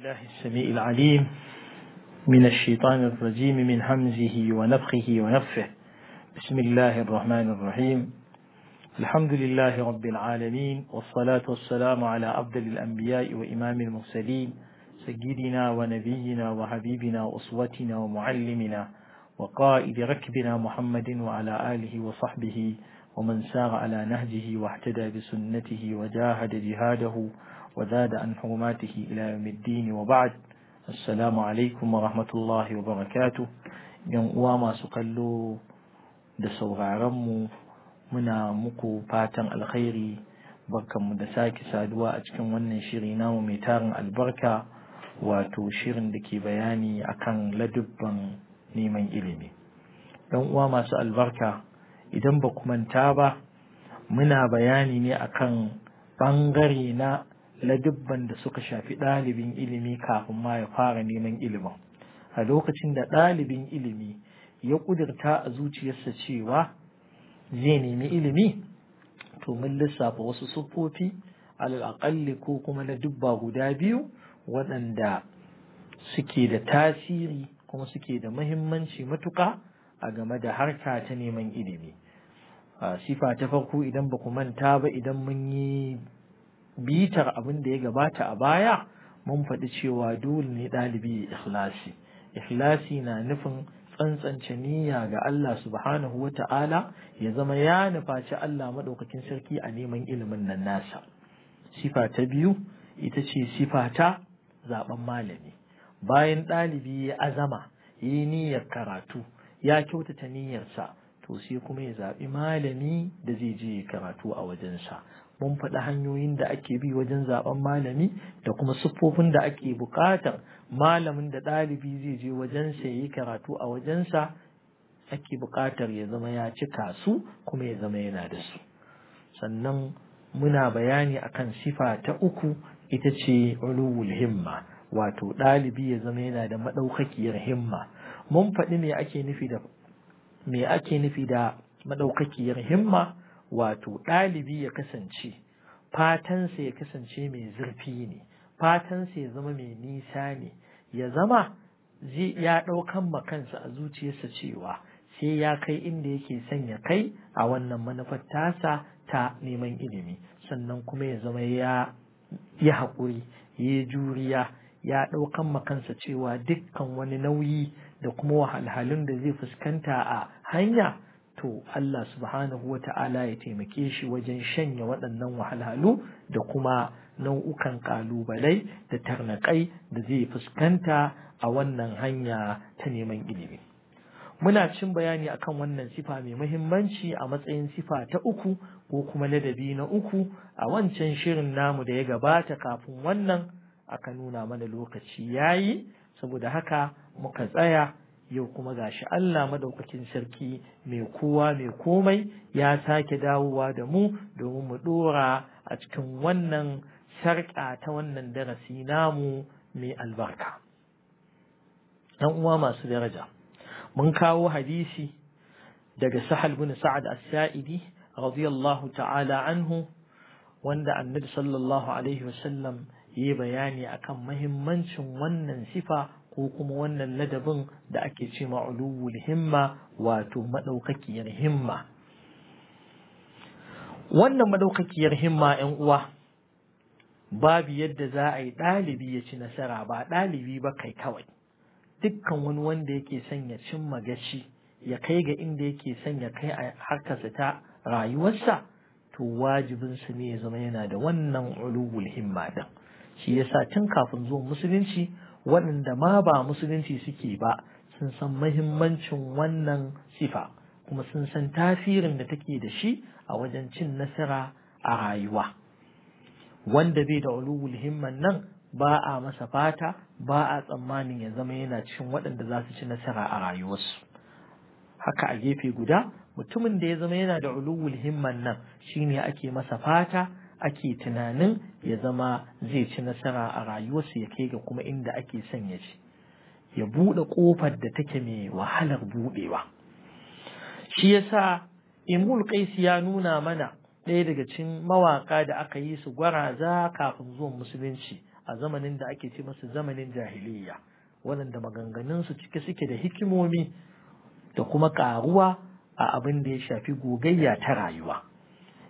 الله السميع العليم من الشيطان الرجيم من همزه ونفخه ونفه بسم الله الرحمن الرحيم الحمد لله رب العالمين والصلاة والسلام على أفضل الأنبياء وإمام المرسلين سيدنا ونبينا وحبيبنا وأسوتنا ومعلمنا وقائد ركبنا محمد وعلى آله وصحبه ومن سار على نهجه واحتدى بسنته وجاهد جهاده وزاد عن حرماته إلى يوم الدين وبعد السلام عليكم ورحمة الله وبركاته yan uwa masu kallo da sauraronmu muna muku fatan barkan mu da sake saduwa a cikin wannan shiri namu mai tarin albarka wato shirin da ke bayani akan ladubban neman ilimi yan uwa masu albarka idan ba manta ba muna bayani ne akan bangare na Na dubban da suka shafi ɗalibin ilimi kafin ma ya fara neman ilimin a lokacin da ɗalibin ilimi ya ƙudurta a zuciyarsa cewa zai nemi ilimi to mun lissafa wasu siffofi al'aƙalli ko kuma na dubba guda biyu waɗanda suke da tasiri kuma suke da mahimmanci matuƙa a game da harka ta neman ilimi sifa ta farko idan ba ku manta ba idan mun yi bitar abin da ya gabata a baya mun faɗi cewa dole ne ɗalibi ya ikhlasi ikhlasi na nufin tsantsance niyya ga Allah subhanahu wa ta'ala ya zama ya nufaci Allah maɗaukakin sarki a neman ilimin nan nasa sifa ta biyu ita ce sifa ta zaɓen malami bayan ɗalibi ya azama ya yi niyyar karatu ya kyautata niyyarsa to sai kuma ya zaɓi malami da zai je karatu a wajensa mun faɗi hanyoyin da ake bi wajen zaɓen malami da kuma siffofin da ake buƙatar malamin da ɗalibi zai je wajensa ya yi karatu a wajensa ake buƙatar ya zama ya cika su kuma ya zama yana da su sannan muna bayani akan sifa ta uku ita ce ulul himma wato ɗalibi ya zama yana da maɗaukakiyar himma mun faɗi me ake nufi da me ake nufi da maɗaukakiyar himma wato ɗalibi ya kasance fatansa ya kasance mai zurfi ne fatansa ya zama mai nisa ne ya zama ya ɗaukan ma kansa a zuciyarsa cewa sai ya kai inda yake son ya kai a wannan manufar tasa ta neman ilimi sannan kuma ya zama ya yi haƙuri ya juriya ya ɗaukan ma kansa cewa dukkan wani nauyi da kuma wahalhalun da zai fuskanta a hanya to Allah subhanahu wa ta'ala ya taimake shi wajen shanye waɗannan wahalhalu da kuma nau'ukan ƙalubalai da tarnaƙai da zai fuskanta a wannan hanya ta neman ilimi. Muna cin bayani akan wannan sifa mai muhimmanci a matsayin sifa ta uku ko kuma ladabi na uku a wancan shirin namu da ya gabata kafin wannan aka nuna mana lokaci yayi saboda haka muka tsaya yau kuma ga shi Allah madaukakin sarki mai kowa mai komai ya sake dawowa da mu domin mu dora a cikin wannan sarƙa ta wannan darasi namu mai albarka ɗan uwa masu daraja mun kawo hadisi daga sahal bin sa'ad as-sa'idi radiyallahu ta'ala anhu wanda annabi sallallahu alaihi wasallam yi bayani akan mahimmancin wannan sifa ko kuma wannan ladabin da ake ce ma'uluwul himma wato maɗaukakiyar himma wannan maɗaukakiyar himma 'yan uwa babu yadda za a yi ɗalibi ya ci nasara ba ɗalibi ba kai kawai dukkan wani wanda yake son ya cimma gashi ya kai ga inda yake son ya kai a harkarsa ta rayuwarsa to wajibin su ne ya zama yana da wannan ulul himma din shi yasa tun kafin zuwan musulunci waɗanda ma ba musulunci suke ba sun san mahimmancin wannan sifa kuma sun san tasirin da take da shi a wajen cin nasara a rayuwa wanda bai da ulul himman nan ba a masa fata ba a tsammanin ya zama yana cikin waɗanda za su ci nasara a rayuwarsu haka a gefe guda mutumin da ya zama yana da ulul himman nan shine ake masa fata ake tunanin ya zama zai ci nasara a rayuwarsa ya kai ga kuma inda ake son ya ci ya buɗe ƙofar da take mai wahalar buɗewa shi yasa imul qais ya nuna mana ɗaya daga cikin mawaƙa da aka yi su gwaraza kafin zuwan musulunci a zamanin da ake ce masu zamanin jahiliya waɗanda maganganunsu cike suke da hikimomi da kuma ƙaruwa a abin da ya shafi gogayya ta rayuwa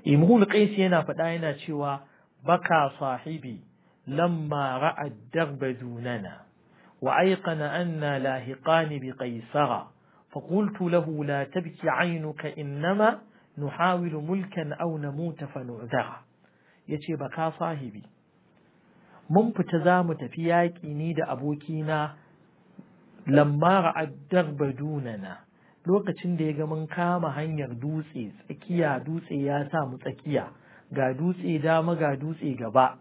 imrul qais yana faɗa yana cewa baka sahibi lamma ra'a darba dunana wa ayqana anna lahiqani bi qaisara فقلت له لا تبكي عينك إنما نحاول ملكا أو نموت فنعذر يتي بكا صاحبي من فتزام تفياك إني دا أبوكينا لما رأى الدرب دوننا lokacin da ya ga mun kama hanyar dutse tsakiya dutse ya sa mu tsakiya ga dutse dama ga dutse gaba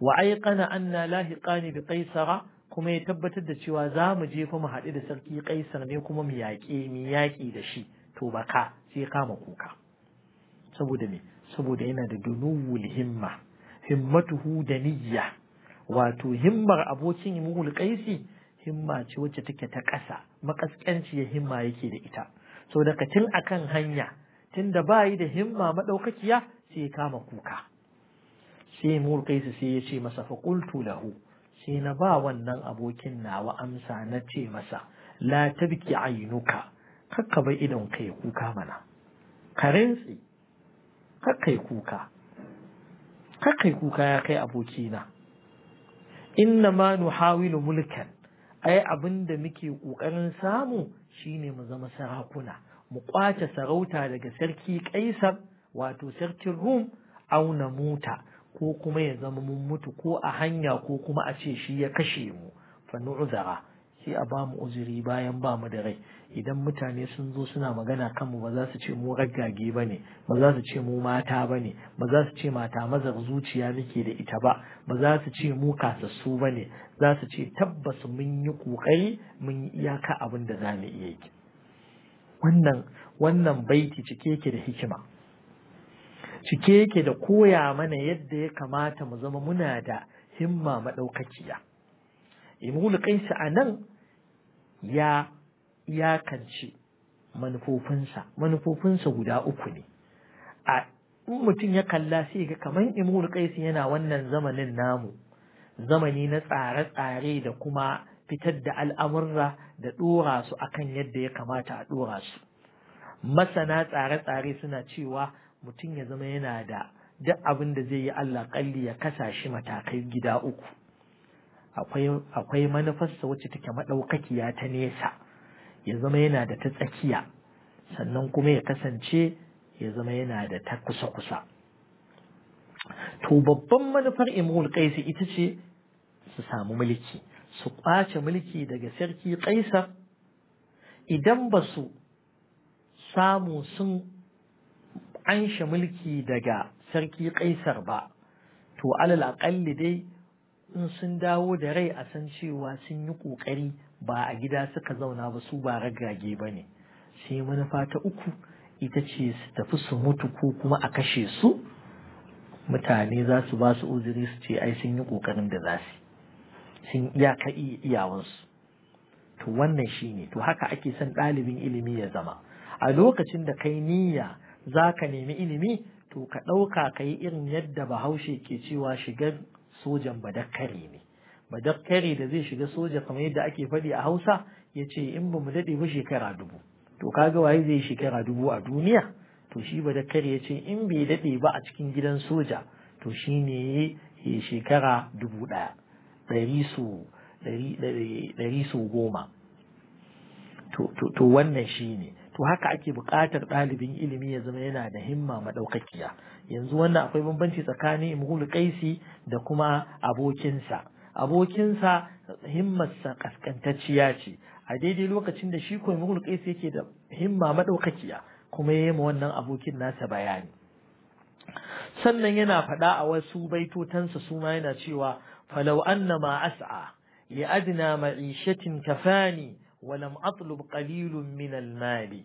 wa aiqana anna lahiqani da qaisara kuma ya tabbatar da cewa za mu je fa mu haɗu da sarki ƙaisar ne kuma mu yaƙe mu yaƙi da shi to baka sai kama kuka saboda me saboda yana da dunuwul himma himmatuhu da niyya wato himmar abokin imul qaisi himma ce wacce take ta ƙasa makaskanci ya himma yake da ita so daga tun akan hanya tun da ba yi da himma maɗaukakiya sai ya kama kuka sai su sai ya ce masa fa lahu sai na ba wannan abokin nawa amsa na ce masa la tabki ainuka kakka bai idon kai kuka mana kakka kai kuka kai kuka ya kai abokina inna ma nuhawilu mulkan ai abin da muke ƙoƙarin samu shine mu zama sarakuna mu ƙwace sarauta daga sarki kaisar wato sarkin rum auna mota ko kuma ya zama mun mutu ko a hanya ko kuma a ce shi ya kashe mu fa nu'zara sai a bamu uzuri bayan bamu da rai idan mutane sun zo suna magana kanmu ba za su ce mu raggage ba ne ba za su ce mu mata ba ne ba za su ce mata mazar zuciya muke da ita ba ba za su ce mu kasassu ba ne za su ce tabbas mun yi ƙoƙari mun yi iyaka abin da za mu iya yi wannan wannan baiti cike yake da hikima cike yake da koya mana yadda ya kamata mu zama muna da himma maɗaukakiya imul a nan. ya kanci manufofinsa manufofinsa guda uku ne a in mutum ya kalla sai ga kaman imul qais yana wannan zamanin namu zamani na tsare-tsare da kuma fitar da al'amurra da ɗora su akan yadda ya kamata a ɗora su masana tsare-tsare suna cewa mutum ya zama yana da duk abin da zai yi Allah kalli ya kasa shi matakai gida uku akwai manufarsa wacce take maɗaukakiya ta nesa ya zama yana da ta tsakiya sannan kuma ya kasance ya zama yana da ta kusa-kusa to babban manufar imul qaisi ita ce su samu mulki su ƙwace mulki daga sarki qaisar idan ba su samu sun anshe mulki daga sarki qaisar ba to alal aƙalli dai in sun dawo da rai a san cewa sun yi ƙoƙari ba a gida suka zauna ba su ba ragage ba ne sai manufa ta uku ita ce su tafi su mutu ko kuma a kashe su mutane za su ba su uzuri su ce ai sun yi ƙoƙarin da za su sun iyaka iyawansu to wannan shi ne to haka ake son ɗalibin ilimi ya zama a lokacin da kai niyya za ka nemi ilimi to ka ɗauka ka yi irin yadda bahaushe ke cewa shigar sojan badakkare ne badakkare da zai shiga soja kamar yadda ake faɗi a Hausa ya ce in ba mu daɗe ba shekara dubu to kaga waye zai shekara dubu a duniya to shi badakkare ya ce in bai daɗe ba a cikin gidan soja to shi ne shekara dubu ɗaya ɗari su goma to wannan shi ne to haka ake buƙatar ɗalibin ilimi ya zama yana da himma maɗaukakiya yanzu wannan akwai bambanci tsakanin imhul kaisi da kuma abokinsa abokinsa himmarsa kaskantacciya ce a daidai lokacin da shi ko imhul kaisi yake da himma madaukakiya kuma yayi ma wannan abokin nasa bayani sannan yana faɗa a wasu baitotansa su ma yana cewa falau ma as'a li adna ma'ishatin kafani qalilun min al mali المال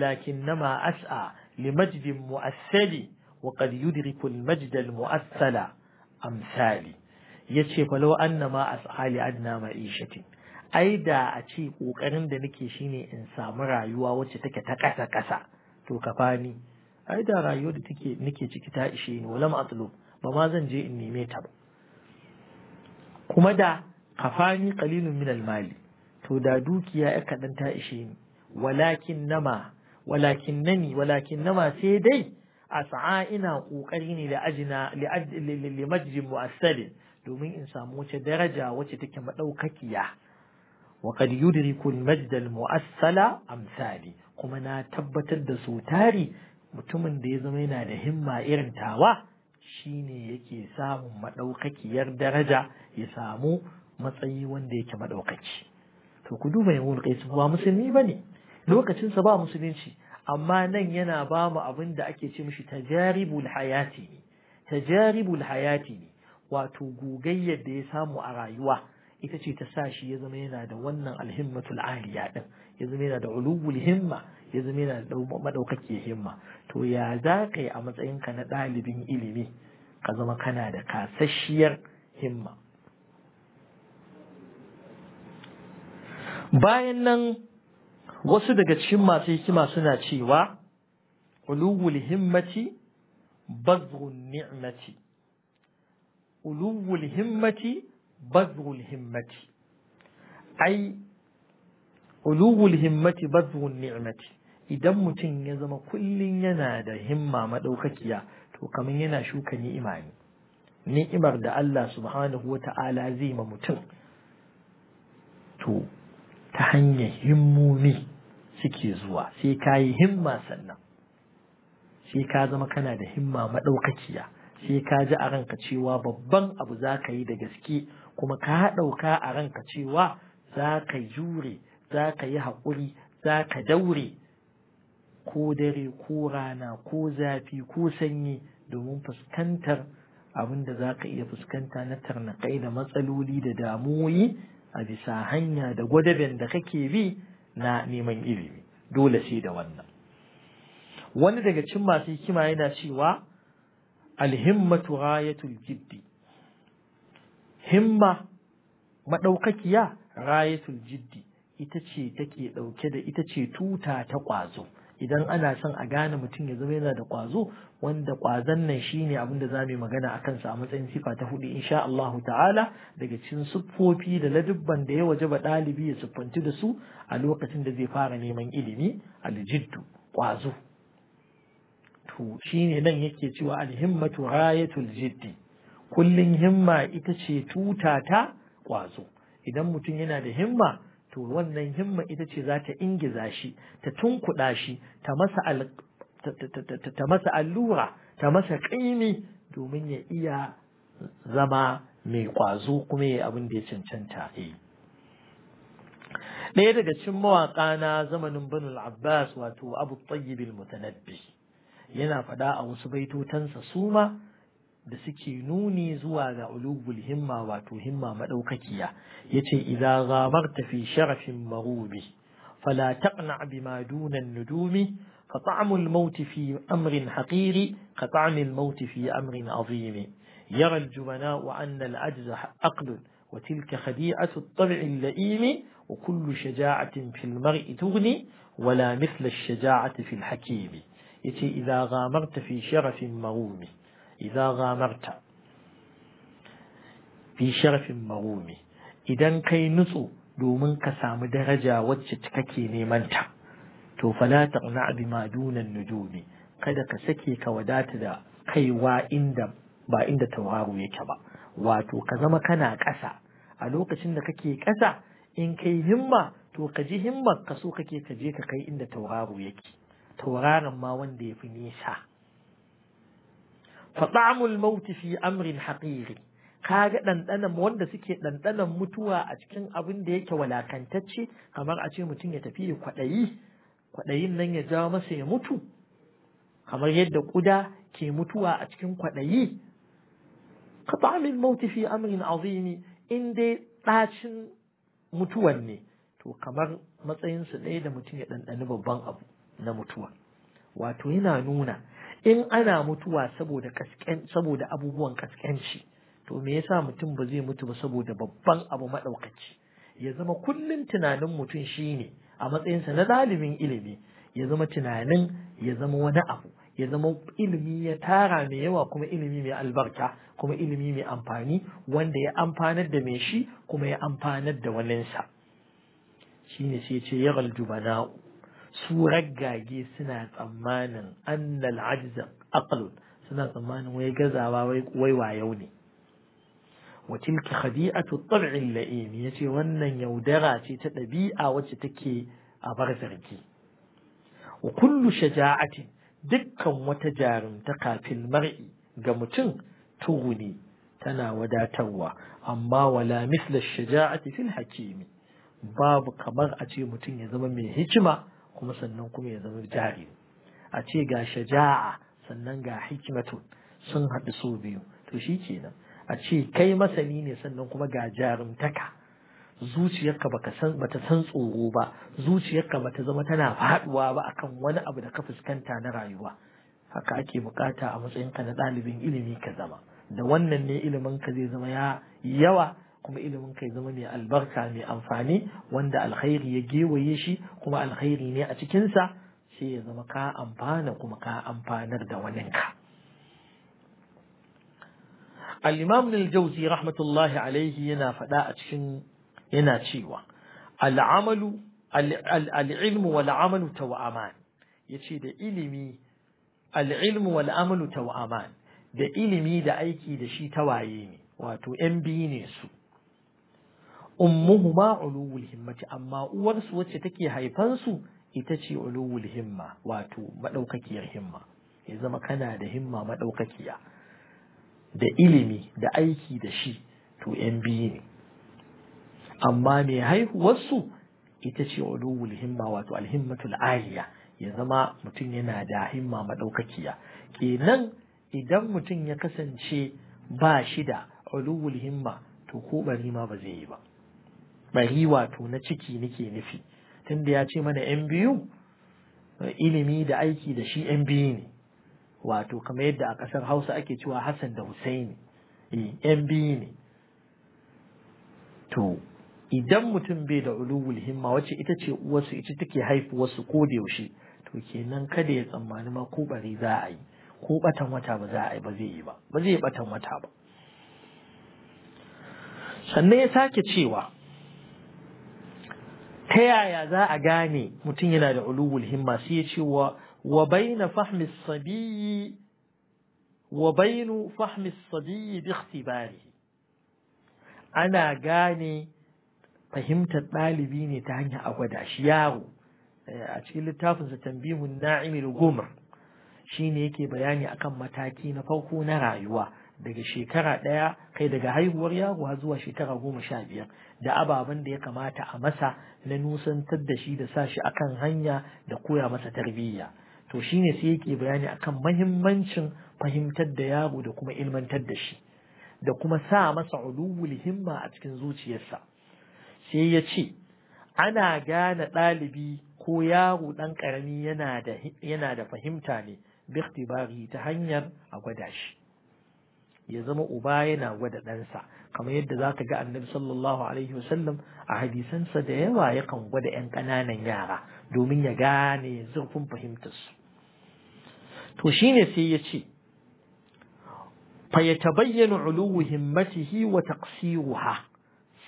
ولكنما as'a limajdin mu'assali وقد يدرك المجد المؤثل أمثالي yace fa law anna ma as'ali adna ma'ishatin ai da a ce kokarin da nake shine in samu rayuwa wacce take ta kasa kasa to kafani ai da rayuwar da take nake ciki ta ishe ni wala ma'atlub ba ma zan je in neme ta ba kuma da kafani qalilun min almali, to da dukiya ya kadan ta ishe ni walakin nama walakin nani walakin nama sai dai as'a ina kokari ne da ajina li majdi mu'assalin domin in samu wace daraja wace take madaukakiya wa kad yudriku al-majd al-mu'assala amsali kuma na tabbatar da su tari mutumin da ya zama yana da himma irin tawa shine yake samun madaukakiyar daraja ya samu matsayi wanda yake madaukaki to ku duba yawon kai ba musulmi bane lokacin sa ba musulunci amma nan yana ba mu abin da ake ce mishi tajaribul hayati ne tajaribul hayati ne wato gogayyar da ya samu a rayuwa ita ce ta sa shi ya zama yana da wannan alhimmatul aliya din ya zama yana da ulubul himma ya zama yana da madaukake himma to ya za kai a matsayinka na ɗalibin ilimi ka zama kana da kasasshiyar himma bayan nan wasu daga cikin masu hikima suna cewa ulubul himmati bazrun ni'mati ulubul himmati bazrul himmati ai ulubul himmati bazrun ni'mati idan mutum ya zama kullum yana da himma madaukakiya to kamar yana shuka ni'ima ne ni'imar da Allah subhanahu wa ta'ala zai ma mutum to ta hanyar himmomi suke zuwa sai ka yi himma sannan sai ka zama kana da himma maɗaukaciya sai ka ji a ranka cewa babban abu za ka yi da gaske kuma ka ɗauka a ranka cewa za ka jure za ka yi haƙuri za ka daure ko dare ko rana ko zafi ko sanyi domin fuskantar abin da za ka iya fuskanta na tarnakai da matsaloli da damuwoyi a bisa hanya da gwadaben da kake bi na neman ilimi dole sai da wannan wani daga cikin masu hikima yana cewa alhimmatu ghayatul jiddi himma madaukakiya ghayatul jiddi ita ce take dauke da ita ce tuta ta kwazo idan ana son a gane mutum ya zama yana da kwazo wanda ƙwazon nan shine abin da za mu magana akan sa, a matsayin sifa ta hudu insha Allahu ta'ala daga cikin siffofi da ladubban da ya waje ba ɗalibi ya siffanci da su a lokacin da zai fara neman ilimi aljiddu ƙwazo to shine nan yake cewa alhimmatu rayatul jiddi kullun himma ita ce tutata ta ƙwazo idan mutum yana da himma to wannan himma ita ce za ta ingiza shi ta tunkuɗa shi ta masa allura ta masa ƙaimi domin ya iya zama mai ƙwazo kuma ya abin da ya cancanta yi eh. ɗaya daga cikin mawaƙa na zamanin banul abbas wato abu tsayyibin mutanabbi yana faɗa a wasu baitotansa suma da suke nuni zuwa ga ulubul himma wato himma madaukakiya yace idza ghamarta fi sharafin marubi fala taqna bima duna an-nudumi fa ta'mu al-maut fi amrin haqiri ka ta'mi al-maut fi amrin azim yara al wa anna al-ajza aql kullu shaja'atin fi al-mar'i tughni wa la mithla ولا shajaati fi al الحكيم yace idza ghamarta fi sharafin marubi idza ghamarta fi sharafin marumi idan kai nutsu domin ka samu daraja wacce kake neman ta to fala taqna bima dunan nujumi kada ka sake ka wadata da kaiwa inda ba inda tauraro yake ba wato ka zama kana ƙasa a lokacin da kake ƙasa in kai himma to ka ji himmar ka so kake ka je ka kai inda tauraro yake tauraron ma wanda ya fi nisa fa ta'amul mauti fi amrin haƙiri kaga ɗanɗanan wanda suke ɗanɗanan mutuwa a cikin abin da yake walakantacce kamar a ce mutum ya tafi kwaɗayi kwaɗayin nan ya jawo masa ya mutu kamar yadda ƙuda ke mutuwa a cikin kwaɗayi ka ta'amul mauti fi amrin azimi in dai ɗacin mutuwan ne to kamar matsayinsu ɗaya da mutum ya ɗanɗani babban abu na mutuwa wato yana nuna in ana mutuwa saboda abubuwan kaskenci to me yasa mutum ba zai mutu ba saboda babban abu maɗaukaci? ya zama kullum tunanin mutum shine a matsayinsa na dalibin ilimi ya zama tunanin ya zama wani abu ya zama ilimi ya tara mai yawa kuma ilimi mai albarka kuma ilimi mai amfani wanda ya amfanar da mai shi kuma ya amfanar da waninsa shine sai ce ya galjubana'u su raggage suna tsammanin annal ajza aqlun suna tsammanin wai gazawa wai wayau ne wa tilka khadi'atu tab'in la'im yace wannan yaudara ce ta ɗabi'a wacce take a bar zargi wa kullu shaja'atin dukkan wata jarumta kafin mar'i ga mutum ne, tana wadatarwa amma wala misla shaja'ati fil hakimi babu kamar a ce mutum ya zama mai hikima kuma sannan kuma ya zama jari a ce ga shaja'a sannan ga hikimatu sun haɗu so biyu to shi kenan a ce kai masani ne sannan kuma ga jarumtaka zuciyarka baka san bata san tsoro ba zuciyarka bata zama tana faduwa ba akan wani abu da ka fuskanta na rayuwa haka ake bukata a matsayinka na ɗalibin ilimi ka zama da wannan ne ilimin ka zai zama ya yawa kuma ilimin kai zama mai albarka mai amfani wanda alkhairi ya gewaye shi kuma alkhairi ne a cikinsa sai ya zama ka amfana kuma ka amfanar da waninka al-imam al-jawzi rahmatullahi alaihi yana faɗa a cikin yana cewa al al-ilmu wal tawaman yace da ilimi al-ilmu tawaman da ilimi da aiki da shi tawaye ne wato yan biyu ne su ummuhuma uluwul himmati amma uwarsu wacce take haifansu ita ce uluwul himma wato madaukakiyar himma ya zama kana da himma madaukakiya da ilimi da aiki da shi to yan biyu ne amma mai haihuwarsu ita ce uluwul himma wato alhimmatul aliya ya zama mutum yana da himma madaukakiya kenan idan mutum ya kasance ba shi da uluwul himma to ko bari ma ba zai yi ba bari wato na ciki nake nufi tunda ya ce mana yan biyu ilimi da aiki da shi yan biyu ne wato kamar yadda a ƙasar hausa ake cewa hassan da husaini eh, yan biyu ne to idan mutum bai da ulul himma wacce ita ce uwarsu ita take haifuwarsu ko da yaushe to kenan kada ya tsammani ma ko bari za a yi ko batan wata ba za a yi ba zai yi ba ba zai batan wata ba sannan ya sake cewa ta yaya za a gane mutum yana da uluwul himma sai ya ce wa wa fahmi sabiyi wa bainu fahmi sabiyi bi ikhtibari ana gane fahimtar ɗalibi ne ta hanyar a gwada shi yaro eh, a cikin littafinsa tambihun na'imil gumar shine yake bayani akan mataki na farko na rayuwa daga shekara ɗaya kai daga haihuwar yaro har zuwa shekara goma sha biyar da ababen da ya kamata a masa na nusantar da shi da sa shi akan hanya da koya masa tarbiyya to shine sai yake bayani akan mahimmancin fahimtar da yaro da kuma ilmantar da shi da kuma sa masa uluwul himma a cikin zuciyarsa sai ya ce ana gane ɗalibi ko yaro ɗan ƙarami yana da fahimta ne bi ta hanyar a gwada shi ya zama uba yana gwada ɗansa kamar yadda za ka ga annabi sallallahu alaihi wasallam a hadisansa da yawa yakan gwada 'yan ƙananan yara domin ya gane zurfin fahimtarsu to shi ne sai ya ce فيتبين علو همته وتقصيرها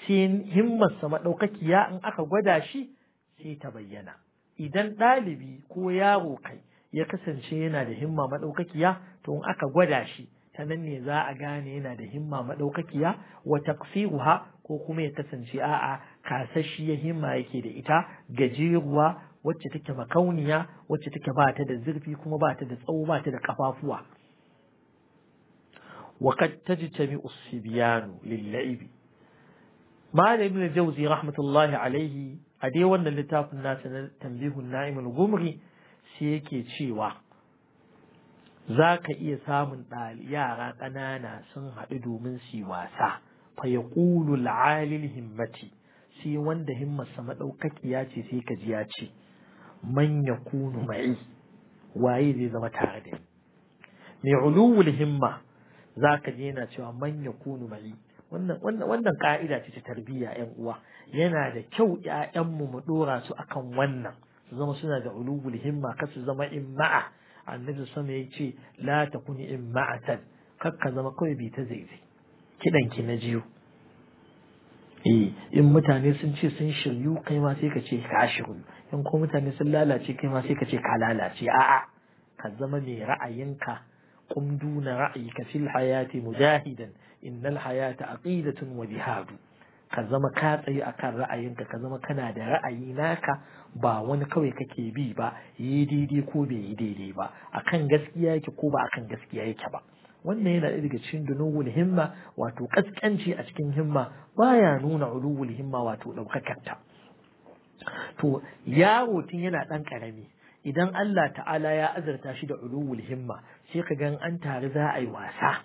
سين Sai himmarsa maɗaukakiya in aka gwada shi sai ta bayyana idan ɗalibi ko yaro kai ya kasance yana da himma maɗaukakiya. to in aka gwada shi ta nan ne za a gane yana da himma maɗaukakiya wa taqsiruha ko kuma ya kasance a'a kasashiyar himma yake da ita gajeruwa wacce take makauniya wacce take ba ta da zurfi kuma ba ta da tsawo ba ta da kafafuwa wa qad tajtami usbiyanu lil-la'ibi malami jawzi rahmatullahi alaihi a dai wannan littafin nasa na tambihun na'imul gumri sai yake cewa za ka iya samun yara ƙanana sun haɗu domin su yi wasa fa ya ƙulu la'alil himmati sai wanda himmarsa maɗaukakiya ce sai ka ji ya ce man ya kunu mai waye zai zama tare da ni mai uluwul himma za ka je yana cewa man ya kunu mai wannan ƙa'ida ce ta tarbiyya yan uwa yana da kyau ƴaƴanmu mu ɗora su akan wannan su zama suna da uluwul himma kar su zama imma'a annabi sama ya ce la ta kuni in ma'atan zama kawai bi ta zaifi kidan ki na jiyo eh in mutane sun ce sun shiryu kai ma sai ka ce ka shiryu in ko mutane sun lalace kai ma sai ka ce ka lalace a'a ka zama mai ra'ayinka kum duna ra'yika fil hayati mujahidan innal hayata aqidatun wa jihadu ka zama ka tsaye akan ra'ayinka ka zama kana da ra'ayi naka ba wani kawai kake bi ba yi daidai ko bai yi daidai ba akan gaskiya yake ko ba akan gaskiya yake ba wannan yana daga cikin dunuwul himma wato kaskanci a cikin himma baya nuna uluwul himma wato daukakarta to yaro tun yana dan karami idan Allah ta'ala ya azarta shi da uluwul himma sai ka an tare za a yi wasa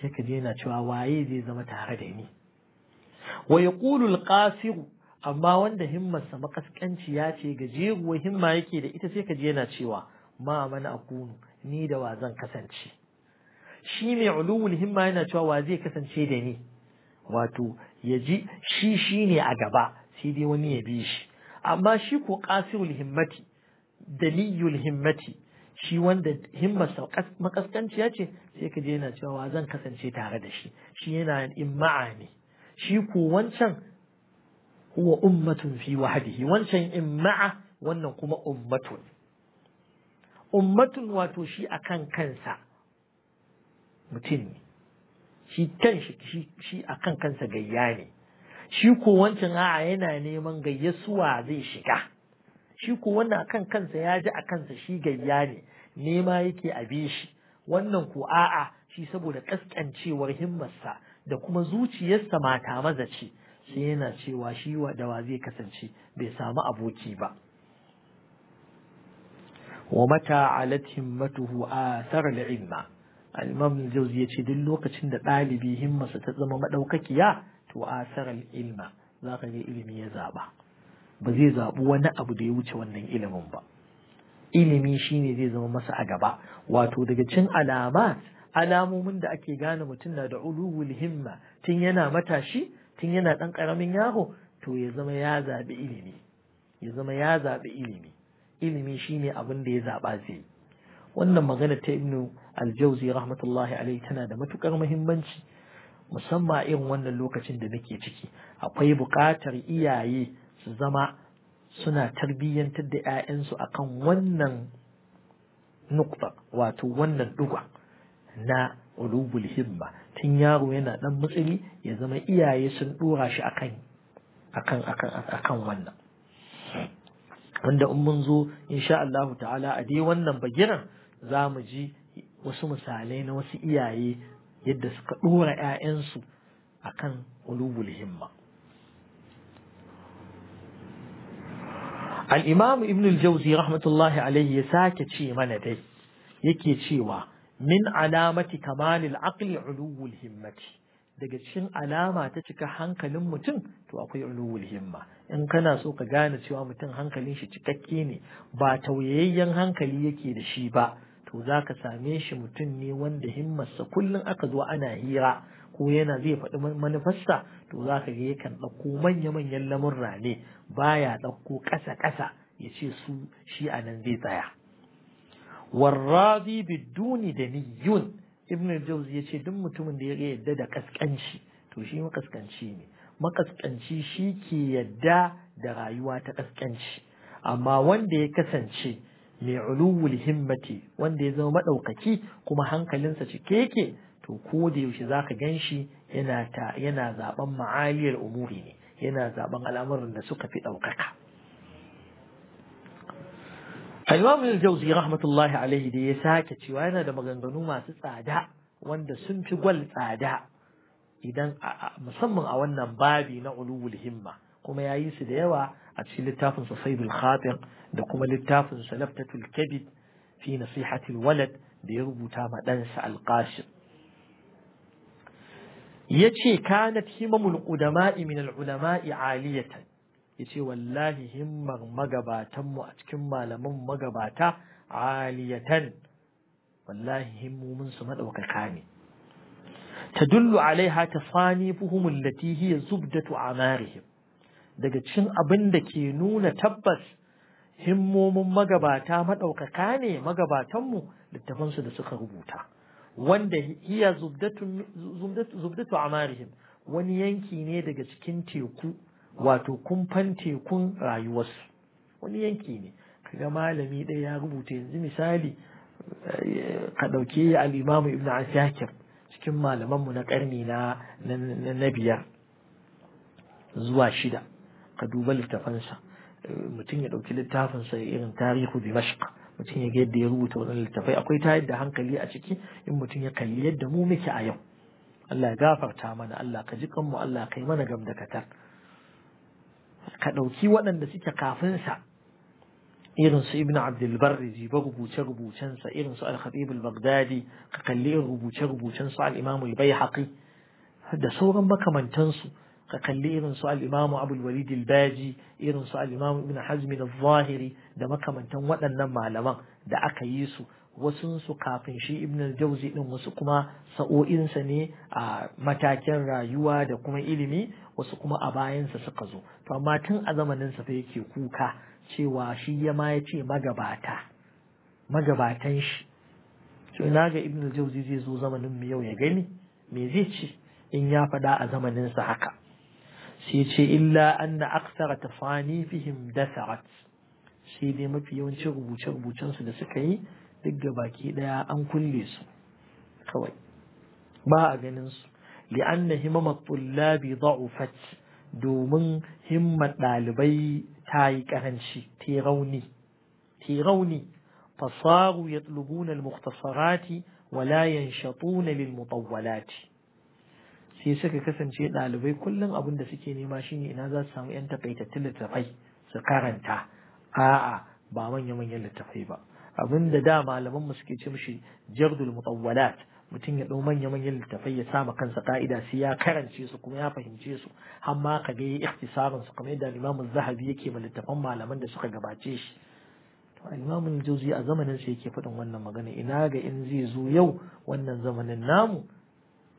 sai ka je yana cewa waye zai zama tare da ni wa yaqulu al amma wanda himmarsa makaskanci ya ce gajeruwa himma yake da ita sai kaji yana cewa ma mana akunu ni da wa zan kasance shi mai ulumul himma yana cewa wa zai kasance da ni wato ya ji shi shi ne a gaba sai dai wani ya bi shi amma shi ko qasirul himmati daliyul himmati shi wanda himmarsa ya ce sai ka ji yana cewa wa zan kasance tare da shi shi yana in ma'ani ne shi ko wancan huwa ummatun fi wahdihi wancan in ma'a wannan kuma ummatun ummatun wato shi akan kansa mutum ne shi kan shi shi akan kansa gayya ne shi ko wancan a'a yana neman gayyasuwa zai shiga shi ko wannan akan kansa ya ji a kansa shi gayya ne nema yake a shi wannan ko a'a shi saboda kaskancewar himmarsa da kuma zuciyarsa mata maza ce sai yana cewa shi da wa zai kasance bai samu aboki ba wa mata alat himmatuhu athar al-ilma al-imam al-jawzi duk lokacin da dalibi himmarsa ta zama maɗaukakiya, to athar al-ilma za ka ga ilimi ya zaɓa. ba zai zaɓi wani abu da ya wuce wannan ilimin ba ilimi shine zai zama masa a gaba wato daga cin alamat alamomin da ake gane mutum na da uluwul himma tun yana matashi tun yana ɗan ƙaramin yaro to ya zama ya zaɓi ilimi ya zama ya zaɓi ilimi ilimi shine abin da ya zaɓa zai wannan magana ta ibnu aljauzi rahmatullahi alaihi tana da matukar muhimmanci musamman irin wannan lokacin da nake ciki akwai buƙatar iyaye su zama suna tarbiyyantar da 'ya'yansu akan wannan nukta wato wannan duga na ulubul himma tun yaro yana dan mutsiri ya zama iyaye sun dora shi akan akan akan akan wannan wanda in mun zo insha Allah ta'ala a dai wannan bagiran zamu ji wasu misalai na wasu iyaye yadda suka dora ƴaƴansu akan ulubul himma al-imam ibn al-jawzi rahmatullahi alayhi ya sake ce mana dai yake cewa min alamati kamalil aqli uluwul himmati daga cikin alama ta cika hankalin mutum to akwai uluwul himma in kana so ka gane cewa mutum hankalin shi cikakke ne ba tauyayyen hankali yake da shi ba to zaka same shi mutum ne wanda himmarsa kullum aka zo ana hira ko yana zai faɗi manufarsa to zaka ga yakan ɗauko manya-manyan lamurra ne baya ɗauko ƙasa-ƙasa ya ce su shi a nan zai tsaya warradi biduni da Niyun, ibn al ya ce, duk mutumin da ya yadda da kaskanci to shi makaskanci ne makaskanci shi ke yadda da rayuwa ta kaskanci amma wanda ya kasance mai uluwul himmati wanda ya zama madaukaki kuma hankalinsa cike yake to ko da yaushe zaka ganshi yana ta yana zaben ma'aliyar umuri ne yana zaben al'amuran da suka fi daukaka al jauzi al-jawzi rahmatullahi alaihi da ya sake cewa yana da maganganu masu tsada wanda sun fi gwal tsada idan musamman a wannan babi na ulul himma kuma yayi su da yawa a cikin littafin sa saidul khatir da kuma littafin sa laftatul kabid fi nasihatil walad da ya rubuta ma ɗansa al-qasim yace kanat himamul qudama'i min al-ulama'i aliyatan yace wallahi himmar magabatanmu a cikin malaman magabata aliyatan wallahi himmumin su madaukaka ne tadullu alaiha tasanifuhum allati ya zubdatu amarihim daga cikin abin da ke nuna tabbas himmomin magabata madaukaka ne magabatanmu mu littafansu da suka rubuta wanda hiya zubdatu a marihim wani yanki ne daga cikin teku wato kumfan tekun rayuwarsu wani yanki ne kaga malami ɗaya ya rubuta yanzu misali eh, ka ɗauke ya al'imamu ibn asakir cikin malamanmu na ƙarni na na biyar zuwa shida ka duba littafansa eh, mutum ya ɗauki littafinsa irin tarihu dimashq mutum ya ga yadda ya rubuta wannan littafai akwai tayar da hankali a ciki in mutum ya kalli yadda mu muke a yau Allah ya gafarta mana Allah ka ji kanmu Allah yi mana gamdakatar ka ɗauki waɗanda suke kafinsa irin su ibn abdulbarri ziba rubuce-rubucensa irin su al-khatib al-baghdadi ka kalli rubuce-rubucensu al-imam al-baihaqi da sauran makamantansu ka kalli irin su al-imam abul walid al-baji irin su al ibn hazm al-zahiri da makamantan waɗannan malaman da aka yi su wasunsu kafin shi ibn al jawzi din wasu kuma sa'o'insa ne a matakin rayuwa da kuma ilimi wasu kuma a bayansa suka zo to amma tun a zamaninsa fa yake kuka cewa shi ya ma yace magabata magabatan shi to ina ga ibn al-jauzi zai zo zamanin mu yau ya gani me zai ce in ya faɗa a zamaninsa haka sai ce illa anna aksara tafani fihim dasarat sai dai mafi yawancin rubuce-rubucensu da suka yi duk gabaki daya an kulle su kawai ba a ganin su li'anna himmatu tullabi da'ufat domin himmat dalibai ta yi karanci ta rauni ta rauni fasaru yatlubuna al-mukhtasarati wa la yanshatuna lil mutawwalati sai suka kasance ɗalibai kullum abin da suke nema shine ina za su samu yan takaitattun littafai su karanta a'a ba manya manyan littafai ba abinda da malaman mu suke ce mishi jardul mutawwalat mutum ya ɗau manya-manyan littafai ya sama kansa ka'ida sai ya karance su kuma ya fahimce su amma ka ga ikhtisarin su kamar yadda al zahabi yake ma littafan malaman da suka gabace shi to al-imamu jauzi a zamanin sa yake faɗin wannan magana ina ga in zai zo yau wannan zamanin namu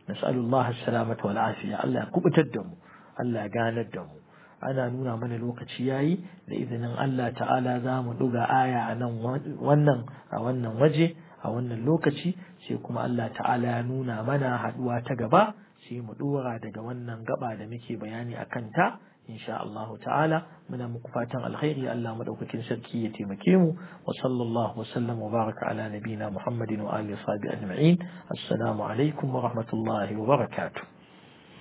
nas'alullah salamata wal afiya Allah ya kubutar da mu Allah ya ganar da mu ana nuna mana lokaci yayi da izinin Allah ta'ala za mu ɗuga aya a nan wannan a wannan waje a wannan lokaci sai kuma Allah ta'ala ya nuna mana haɗuwa ta gaba sai mu ɗora daga wannan gaba da muke bayani a kanta insha Allah ta'ala muna muku fatan alkhairi Allah madaukakin sarki ya taimake mu wa sallallahu wa sallam wa baraka ala nabina Muhammadin wa alihi sahbihi ajma'in assalamu alaikum wa rahmatullahi wa barakatuh